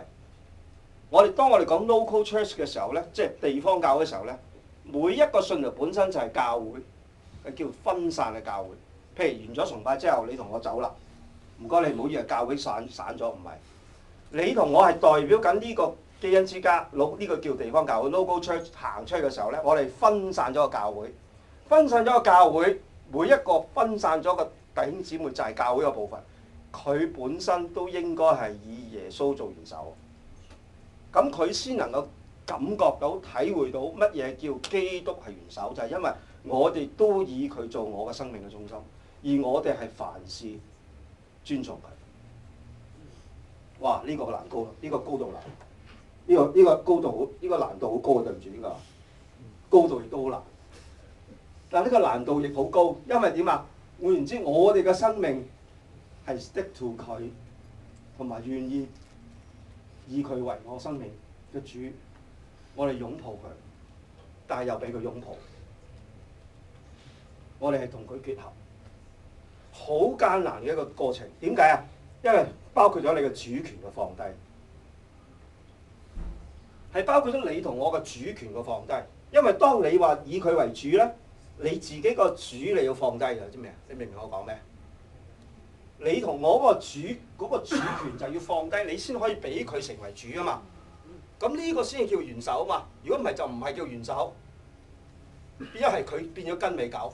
我哋當我哋講 local church 嘅時候咧，即係地方教會嘅時候咧，每一個信徒本身就係教會，係叫分散嘅教會。譬如完咗崇拜之後，你同我走啦，唔該你唔好以為教會散散咗，唔係。你同我係代表緊呢個基恩之家，呢個叫地方教會。local church 行出去嘅時候咧，我哋分散咗個教會，分散咗個教會。每一個分散咗嘅弟兄姊妹就係教會嘅部分，佢本身都應該係以耶穌做元首。咁佢先能夠感覺到、體會到乜嘢叫基督係元首，就係因為我哋都以佢做我嘅生命嘅中心，而我哋係凡事尊重佢。哇！呢個好難高，呢個高度難，呢個呢個高度好，呢個難度好高，對唔住，呢個高度亦都好難。但呢個難度亦好高，因為點啊？換言之，我哋嘅生命係 stick to 佢，同埋願意以佢為我生命嘅主，我哋擁抱佢，但係又俾佢擁抱。我哋係同佢結合，好艱難嘅一個過程。點解啊？因為包括咗你嘅主權嘅放低，係包括咗你同我嘅主權嘅放低。因為當你話以佢為主咧。你自己個主你要放低咗，知未啊？你明唔明我講咩？你同我個主嗰個主權就要放低，你先可以俾佢成為主啊嘛。咁呢個先叫元首啊嘛。如果唔係就唔係叫元首。一係佢變咗跟尾狗，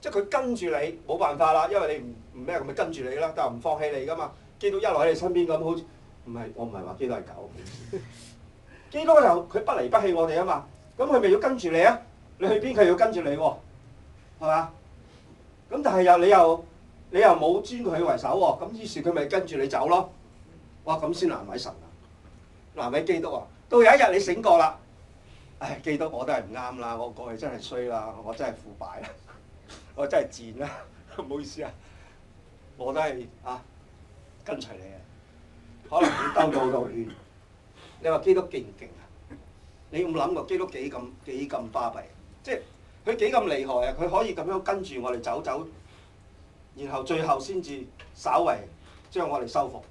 即係佢跟住你冇辦法啦，因為你唔咩，佢咪跟住你啦，但係唔放棄你噶嘛。基督一路喺你身邊咁，好似唔係我唔係話基督係狗。 (laughs) 基督又佢不離不棄我哋啊嘛，咁佢咪要跟住你啊？你去邊佢要跟住你喎，係嘛？咁但係又你又你又冇尊佢為首喎，咁於是佢咪跟住你走咯。哇！咁先難為神啊，難為基督啊！到有一日你醒過啦，唉、哎！基督我都係唔啱啦，我過去真係衰啦，我真係腐敗啦，我真係賤啦，唔好意思啊，我都係啊，跟隨你啊，可能你兜咗好多圈。你話基督勁唔勁啊？你有冇諗過基督幾咁幾咁巴閉？即係佢幾咁厲害啊！佢可以咁樣跟住我哋走走，然後最後先至稍為將我哋收服。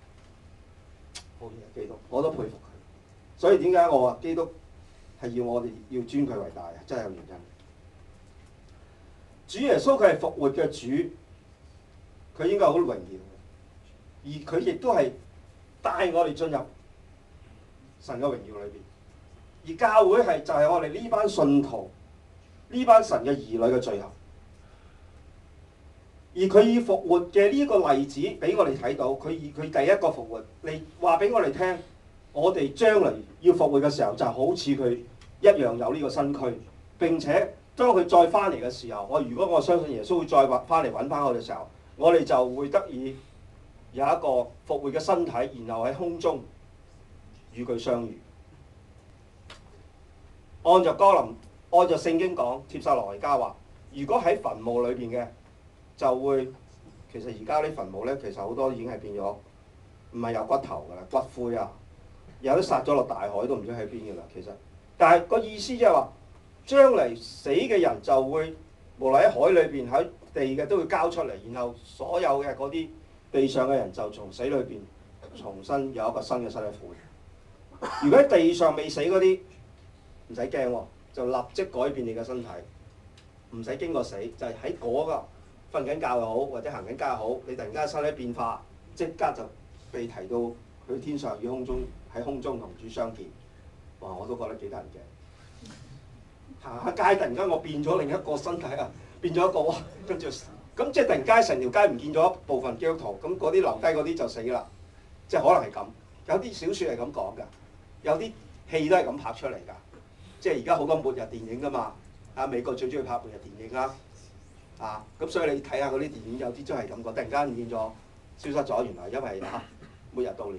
好嘢，基督，我都佩服佢。所以點解我話，基督係要我哋要尊佢為大啊？真係有原因。主耶穌佢係復活嘅主，佢應該好榮耀嘅。而佢亦都係帶我哋進入神嘅榮耀裏邊。而教會係就係我哋呢班信徒。呢班神嘅兒女嘅最後，而佢以復活嘅呢個例子俾我哋睇到，佢以佢第一個復活，你話俾我哋聽，我哋將嚟要復活嘅時候就好似佢一樣有呢個身軀，並且當佢再翻嚟嘅時候，我如果我相信耶穌會再揾翻嚟揾翻我嘅時候，我哋就會得以有一個復活嘅身體，然後喺空中與佢相遇。按着歌林。按着聖經講，帖撒羅尼迦話：如果喺墳墓裏邊嘅，就會，其實而家啲墳墓咧，其實好多已經係變咗，唔係有骨頭噶啦，骨灰啊，有啲殺咗落大海都唔知喺邊噶啦。其實，但係、這個意思即係話，將嚟死嘅人就會無論喺海裏邊、喺地嘅都會交出嚟，然後所有嘅嗰啲地上嘅人就從死裏邊重新有一個新嘅身體復活。如果喺地上未死嗰啲，唔使驚喎。就立即改變你嘅身體，唔使經過死，就係喺嗰個瞓緊覺又好，或者行緊街又好，你突然間身體變化，即刻就被提到去天上與空中，喺空中同主相見。哇！我都覺得幾得人驚。行下街，突然間我變咗另一個身體啊，變咗一個啊， (laughs) 跟住咁即係突然間成條街唔見咗一部分基督徒，咁嗰啲留低嗰啲就死啦。即係可能係咁，有啲小説係咁講㗎，有啲戲都係咁拍出嚟㗎。即係而家好多末日電影㗎嘛，啊，美國最中意拍末日電影啦、啊，啊咁所以你睇下嗰啲電影有啲真係感覺，突然間唔見咗，消失咗，原來因為嚇、啊、末日到了。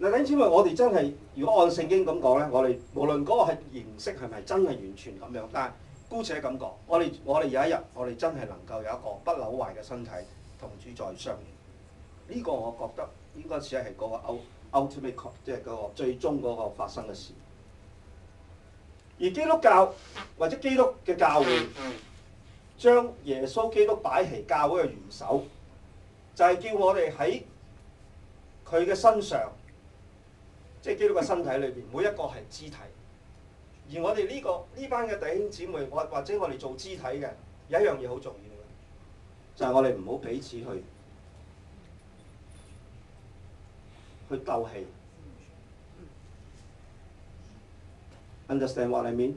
嗱、啊，因知咪我哋真係如果按聖經咁講咧，我哋無論嗰個形式係咪真係完全咁樣，但係姑且咁講，我哋我哋有一日我哋真係能夠有一個不朽壞嘅身體同主在上面呢、這個我覺得應該只係嗰個 ultimate 即係個最終嗰個發生嘅事，而基督教或者基督嘅教會，將耶穌基督擺喺教會嘅元首，就係叫我哋喺佢嘅身上，即係基督嘅身體裏邊，每一個係肢體。而我哋呢個呢班嘅弟兄姊妹，或或者我哋做肢體嘅，有一樣嘢好重要嘅，就係我哋唔好彼此去去鬥氣，Understand what I mean？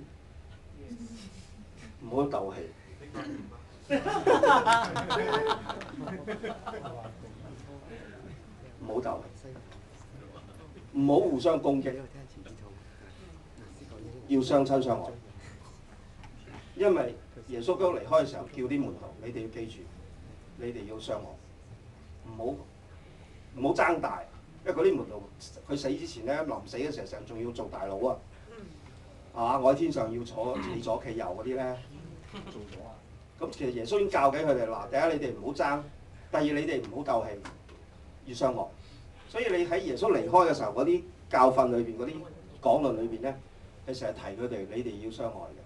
唔好鬥氣，唔好鬥氣，唔好互相攻擊，要相親相愛。因為耶穌剛離開嘅時候叫啲門徒，你哋要記住，你哋要相愛，唔好唔好爭大。因為嗰啲門徒佢死之前咧，臨死嘅時候成日仲要做大佬啊，啊！我喺天上要坐左企右嗰啲咧，做咗啊！咁其實耶穌已經教緊佢哋，嗱，第一你哋唔好爭，第二你哋唔好鬥氣，要相愛。所以你喺耶穌離開嘅時候嗰啲教訓裏邊嗰啲講論裏邊咧，係成日提佢哋，你哋要相愛嘅，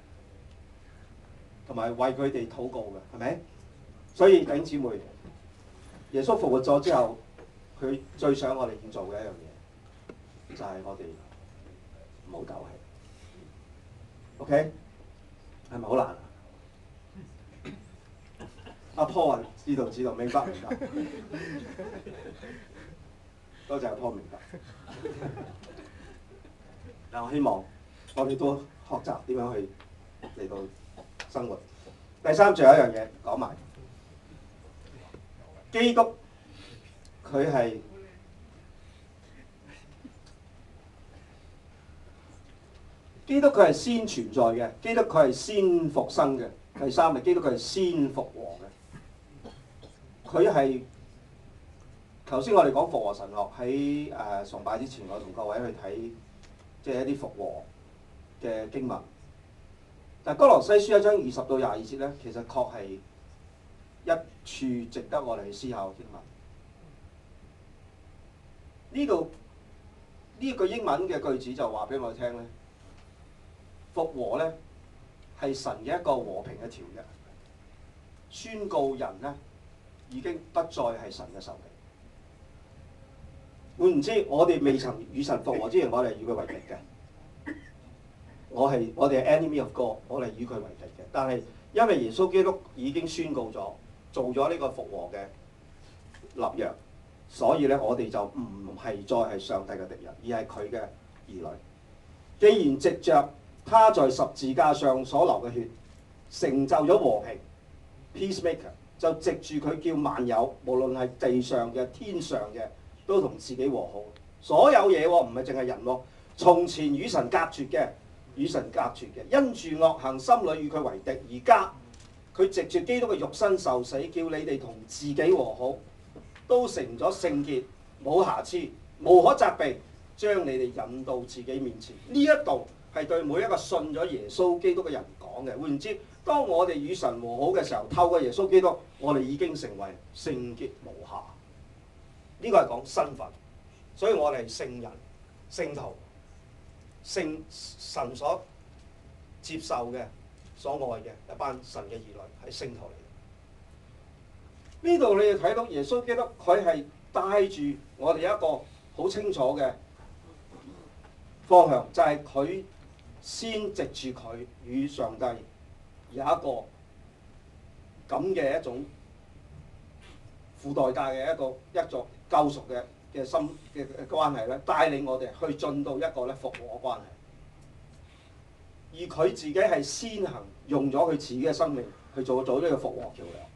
同埋為佢哋禱告嘅，係咪？所以弟兄姊妹，耶穌復活咗之後。佢最想我哋要做嘅一樣嘢，就係、是、我哋唔好鬥氣。OK，係咪好難、啊？阿 Paul 知道知道明白明白，明白。多謝阿 Paul 明白。嗱，我希望我哋都學習點樣去嚟到生活。第三，仲有一樣嘢講埋基督。佢係基督，佢係先存在嘅；基督佢係先復生嘅；第三，基督佢係先復和嘅。佢係頭先我哋講復和神學喺誒崇拜之前，我同各位去睇即係一啲復和嘅經文。但哥羅西書一章二十到廿二節咧，其實確係一處值得我哋去思考嘅經文。呢度呢句英文嘅句子就話俾我聽咧，復和咧係神嘅一個和平嘅條約，宣告人咧已經不再係神嘅仇敵。換言之，我哋未曾與神復和之前，我哋與佢為敵嘅。我係我哋係 enemy of God，我係與佢為敵嘅。但係因為耶穌基督已經宣告咗做咗呢個復和嘅立約。所以咧，我哋就唔係再係上帝嘅敵人，而係佢嘅兒女。既然藉着他在十字架上所流嘅血成就咗和平 （Peacemaker），就藉住佢叫萬有，無論係地上嘅、天上嘅，都同自己和好。所有嘢唔係淨係人喎，從前與神隔絕嘅、與神隔絕嘅，因住惡行心裏與佢為敵，而家佢藉住基督嘅肉身受死，叫你哋同自己和好。都成咗聖潔，冇瑕疵，無可責備，將你哋引到自己面前。呢一度係對每一個信咗耶穌基督嘅人講嘅。換言之，當我哋與神和好嘅時候，透過耶穌基督，我哋已經成為聖潔無瑕。呢、這個係講身份，所以我哋聖人、聖徒、聖神所接受嘅、所愛嘅一班神嘅兒女，係聖徒嚟。呢度你要睇到耶穌基督，佢係帶住我哋一個好清楚嘅方向，就係佢先藉住佢與上帝有一個咁嘅一種付代價嘅一個一種救贖嘅嘅心嘅關係咧，帶領我哋去進到一個咧復和嘅關係。而佢自己係先行用咗佢自己嘅生命去做咗呢個復和橋梁。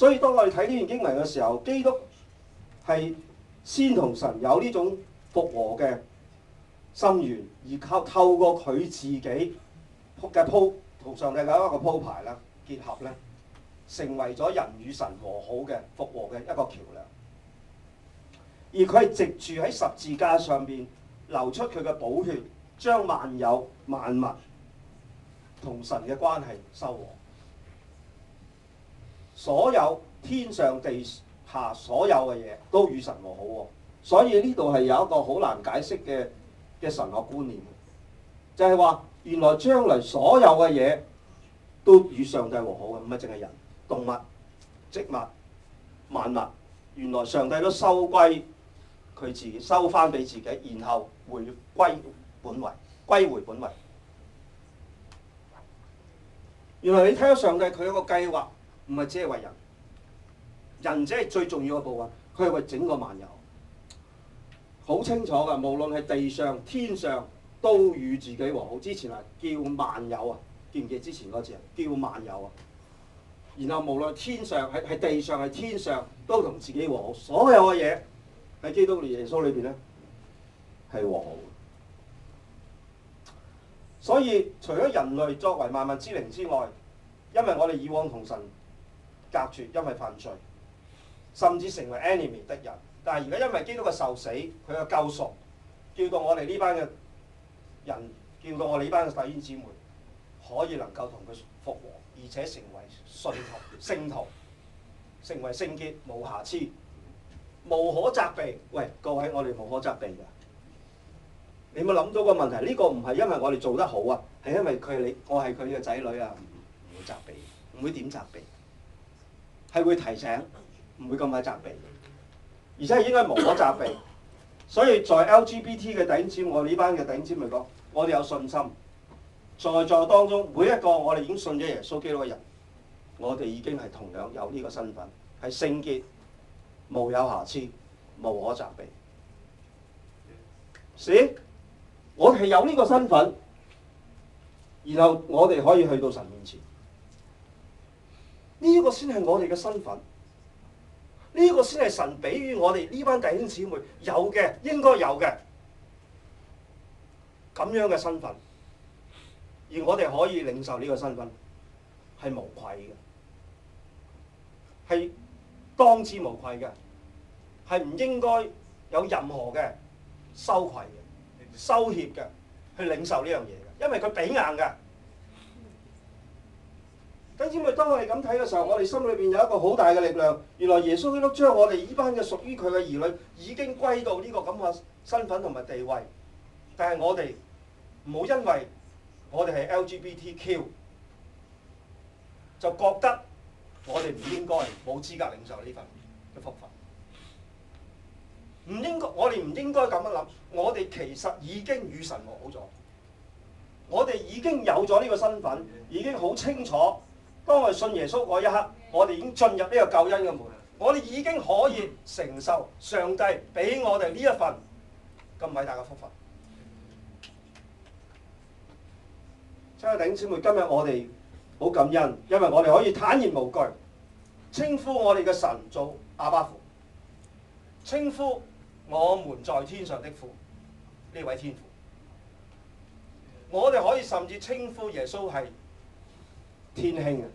所以當我哋睇呢段經文嘅時候，基督係先同神有呢種復和嘅心願，而靠透過佢自己嘅鋪，同上帝嘅一個鋪排啦，結合咧，成為咗人與神和好嘅復和嘅一個橋梁。而佢係藉住喺十字架上邊流出佢嘅寶血，將萬有萬物同神嘅關係收和。所有天上地下所有嘅嘢都與神和好喎，所以呢度係有一個好難解釋嘅嘅神學觀念，就係話原來將來所有嘅嘢都與上帝和好嘅，唔係淨係人、動物、植物、萬物，原來上帝都收歸佢自己，收翻俾自己，然後回歸本位，歸回本位。原來你睇到上帝佢有一個計劃。唔係只係為人，人者係最重要嘅部分，佢係為整個萬有，好清楚嘅。無論係地上、天上，都與自己和好。之前啊，叫萬有啊，記唔記得之前嗰次啊？叫萬有啊。然後無論天上喺喺地上，係天上都同自己和好。所有嘅嘢喺基督教耶穌裏邊咧，係和好。所以除咗人類作為萬物之靈之外，因為我哋以往同神，隔絕，因為犯罪，甚至成為 enemy 的人。但係而家因為基督嘅受死，佢嘅救贖，叫到我哋呢班嘅人，叫到我哋呢班嘅弟兄姊妹，可以能夠同佢復和，而且成為信徒、聖徒，成為聖潔無瑕疵，無可責備。喂，各位，我哋無可責備嘅。你有冇諗到個問題？呢個唔係因為我哋做得好啊，係因為佢你我係佢嘅仔女啊，唔會責備，唔會點責備。係會提醒，唔會咁快責備，而且係應該無可責備。所以在 LGBT 嘅頂尖，我呢班嘅頂尖嚟講，我哋有信心，在座當中每一個我哋已經信咗耶穌基督嘅人，我哋已經係同樣有呢個身份，係聖潔，無有瑕疵，無可責備。死，我哋有呢個身份，然後我哋可以去到神面前。呢個先係我哋嘅身份，呢、這個先係神俾於我哋呢班弟兄姊妹有嘅，應該有嘅咁樣嘅身份，而我哋可以領受呢個身份係無愧嘅，係當之無愧嘅，係唔應該有任何嘅羞愧嘅、羞怯嘅去領受呢樣嘢嘅，因為佢俾硬嘅。你知唔知，當我哋咁睇嘅時候，我哋心裏邊有一個好大嘅力量。原來耶穌基督將我哋依班嘅屬於佢嘅兒女已經歸到呢個咁嘅身份同埋地位。但係我哋唔好因為我哋係 LGBTQ 就覺得我哋唔應該冇資格領受呢份嘅福分。唔應該，我哋唔應該咁樣諗。我哋其實已經與神和好咗，我哋已經有咗呢個身份，已經好清楚。當我信耶穌嗰一刻，我哋已經進入呢個救恩嘅門，我哋已經可以承受上帝俾我哋呢一份咁偉大嘅福分。親愛的姊妹，今日我哋好感恩，因為我哋可以坦然無懼，稱呼我哋嘅神做阿巴父，稱呼我們在天上的父呢位天父，我哋可以甚至稱呼耶穌係天兄啊！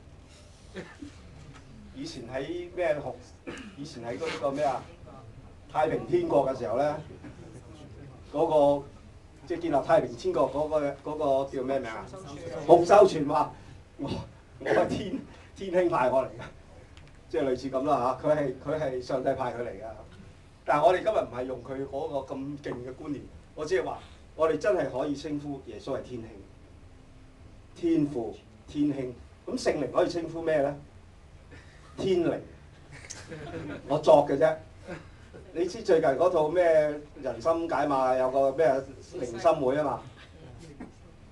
以前喺咩學？以前喺嗰個咩啊？太平天國嘅時候咧，嗰、那個即係、就是、建立太平天國嗰、那個、那個叫咩名啊？洪秀全話：我我係天天兄派我嚟㗎，即係類似咁啦吓。佢係佢係上帝派佢嚟噶。但係我哋今日唔係用佢嗰個咁勁嘅觀念，我只係話我哋真係可以稱呼耶穌係天兄、天父、天兄。咁聖靈可以稱呼咩咧？天靈，我作嘅啫。你知最近嗰套咩人心解碼有個咩靈心會啊嘛？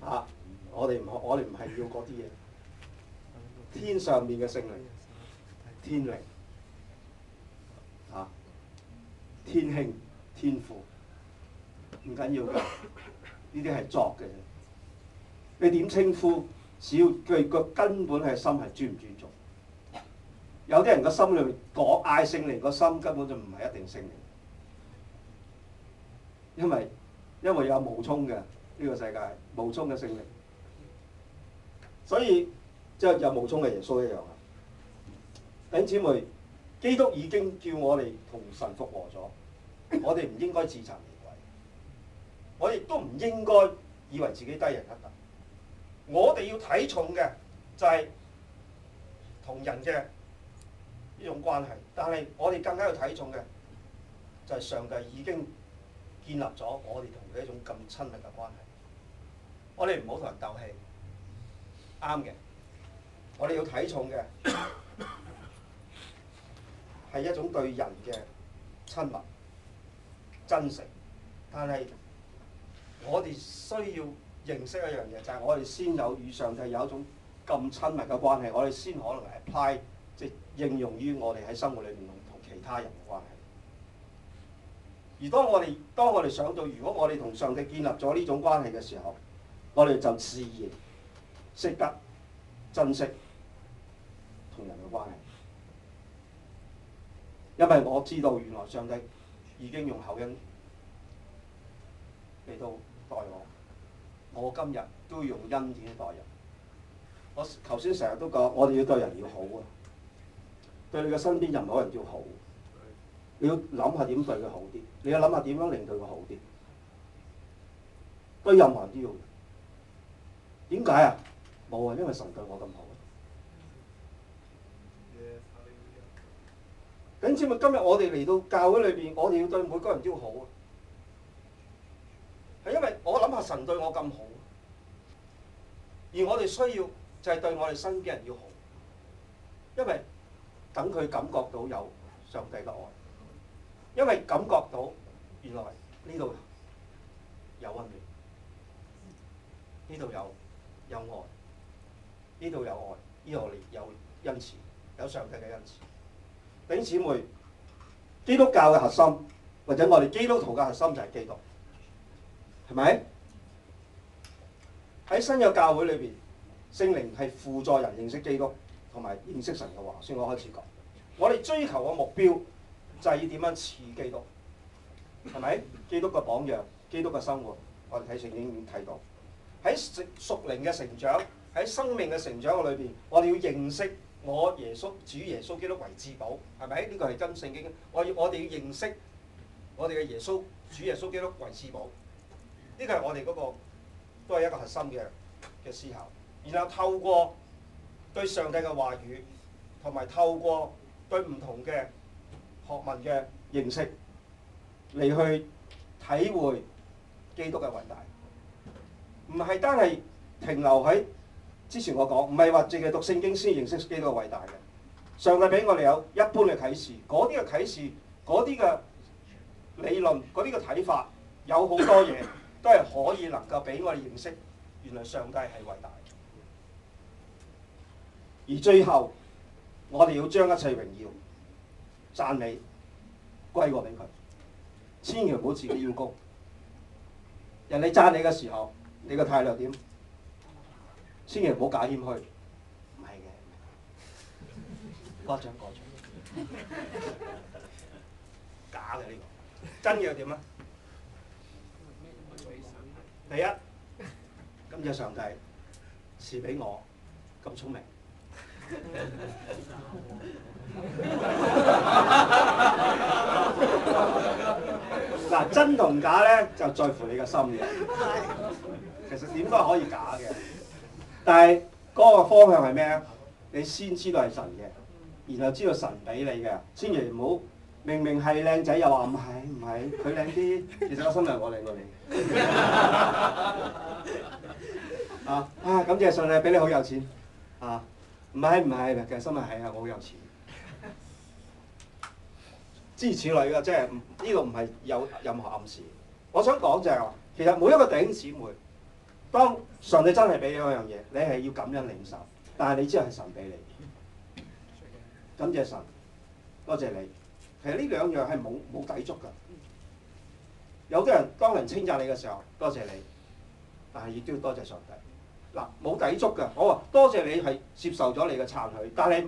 (laughs) 啊，我哋唔我哋唔係要嗰啲嘢。天上面嘅聖靈，天靈，啊，天慶，天父。唔緊要㗎，呢啲係作嘅啫。你點稱呼？只要佢個根本係心係尊唔尊重，有啲人個心裏面講嗌聖靈，個心根本就唔係一定聖靈，因為因為有冒充嘅呢個世界，冒充嘅聖靈，所以即係有冒充嘅耶穌一樣啊！弟兄姊妹，基督已經叫我哋同神復和咗，我哋唔應該自殘自毀，我哋都唔應該以為自己低人一等。我哋要睇重嘅就係、是、同人嘅呢種關係，但係我哋更加要睇重嘅就係、是、上帝已經建立咗我哋同佢一種咁親密嘅關係。我哋唔好同人鬥氣，啱嘅。我哋要睇重嘅係一種對人嘅親密、真誠，但係我哋需要認識一樣嘢，就係我哋先有與上帝有一種咁親密嘅關係，我哋先可能 apply 即係應用於我哋喺生活裏面同其他人嘅關係。而當我哋當我哋想到，如果我哋同上帝建立咗呢種關係嘅時候，我哋就自然識得珍惜同人嘅關係，因為我知道原來上帝已經用口音嚟到代我。我今日都要用恩典代入。我頭先成日都講，我哋要對人要好啊！對你嘅身邊任何人要好，你要諗下點對佢好啲，你要諗下點樣令對佢好啲，對任何人都要，點解啊？冇啊，因為神對我咁好啊！咁知唔知今日我哋嚟到教會裏邊，我哋要對每個人都要好啊！係因為我諗下神對我咁好，而我哋需要就係對我哋身邊嘅人要好，因為等佢感覺到有上帝嘅愛，因為感覺到原來呢度有溫暖，呢度有有愛，呢度有愛，呢度嚟有恩慈，有上帝嘅恩慈。頂姊妹，基督教嘅核心或者我哋基督徒嘅核心就係基督。係咪喺新約教會裏邊，聖靈係輔助人認識基督，同埋認識神嘅話，先我開始講。我哋追求嘅目標就係要點樣似基督？係咪？基督嘅榜樣，基督嘅生活，我哋睇聖經已經睇到？喺屬靈嘅成長，喺生命嘅成長嘅裏邊，我哋要認識我耶穌主耶穌基督為至寶，係咪？呢、這個係真聖經。我我哋要認識我哋嘅耶穌主耶穌基督為至寶。是呢個係我哋嗰個都係一個核心嘅嘅思考，然後透過對上帝嘅話語，同埋透過對唔同嘅學問嘅認識嚟去體會基督嘅偉大。唔係單係停留喺之前我講，唔係話淨係讀聖經先認識基督嘅偉大嘅。上帝俾我哋有一般嘅啟示，嗰啲嘅啟示，嗰啲嘅理論，嗰啲嘅睇法，有好多嘢。都係可以能夠俾我哋認識，原來上帝係偉大嘅。而最後，我哋要將一切榮耀、讚你、歸過俾佢，千祈唔好自己要高，人哋讚你嘅時候，你個態度點？千祈唔好假謙虛，唔係嘅。過獎過獎，假嘅呢個，真嘅點啊？第一，今日上帝賜俾我咁聰明。嗱 (laughs) (laughs) 真同假咧，就在乎你嘅心嘅。 (laughs) 其實點都可以假嘅，但係嗰個方向係咩咧？你先知道係神嘅，然後知道神俾你嘅，千祈唔好。明明係靚仔又話唔係唔係，佢靚啲。其實我心諗我靚過你。啊 (laughs) (laughs) 啊！感謝上帝俾你好有錢。啊，唔係唔係，其實心諗係啊，我好有錢。支持此類嘅，即係呢度唔係有任何暗示。我想講就係、是、話，其實每一個弟兄姊妹，當上帝真係俾你嗰樣嘢，你係要感恩領受。但係你知道係神俾你，感謝神，多謝你。其實呢兩樣係冇冇抵觸噶。有啲人當人稱讚你嘅時候，多謝你，但係亦都要多謝上帝。嗱，冇抵觸噶。我話多謝你係接受咗你嘅讚許，但係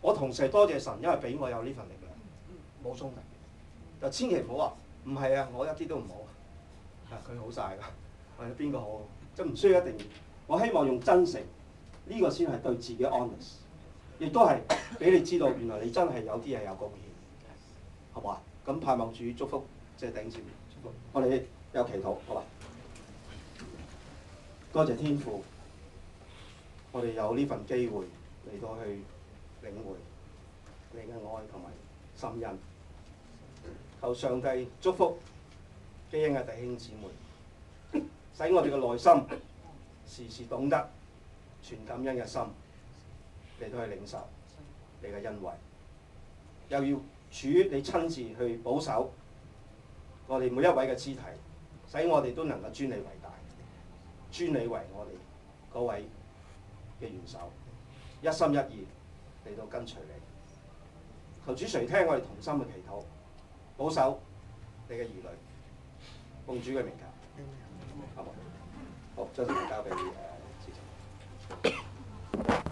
我同時係多謝神，因為俾我有呢份力量。冇衝突，就千祈唔好話，唔係啊，我一啲都唔好。係佢、 (laughs) 啊、好晒㗎。為咗邊個好、啊？即唔需要一定。我希望用真誠，呢、這個先係對自己 honest。亦都係俾你知道，原來你真係有啲嘢有貢獻。係嘛？咁盼望主祝福，即係弟兄姊妹祝福。我哋有祈禱，好嘛？多謝天父，我哋有呢份機會嚟到去領會你嘅愛同埋神恩。求上帝祝福基恩嘅弟兄姊妹，使我哋嘅內心時時懂得存感恩嘅心，嚟到去領受你嘅恩惠，又要。主，你親自去保守我哋每一位嘅肢體，使我哋都能夠尊你為大，尊你為我哋各位嘅元首，一心一意嚟到跟隨你。求主垂聽我哋同心嘅祈禱，保守你嘅兒女，奉主嘅名求，嗯嗯、好唔好？好，再交俾誒、呃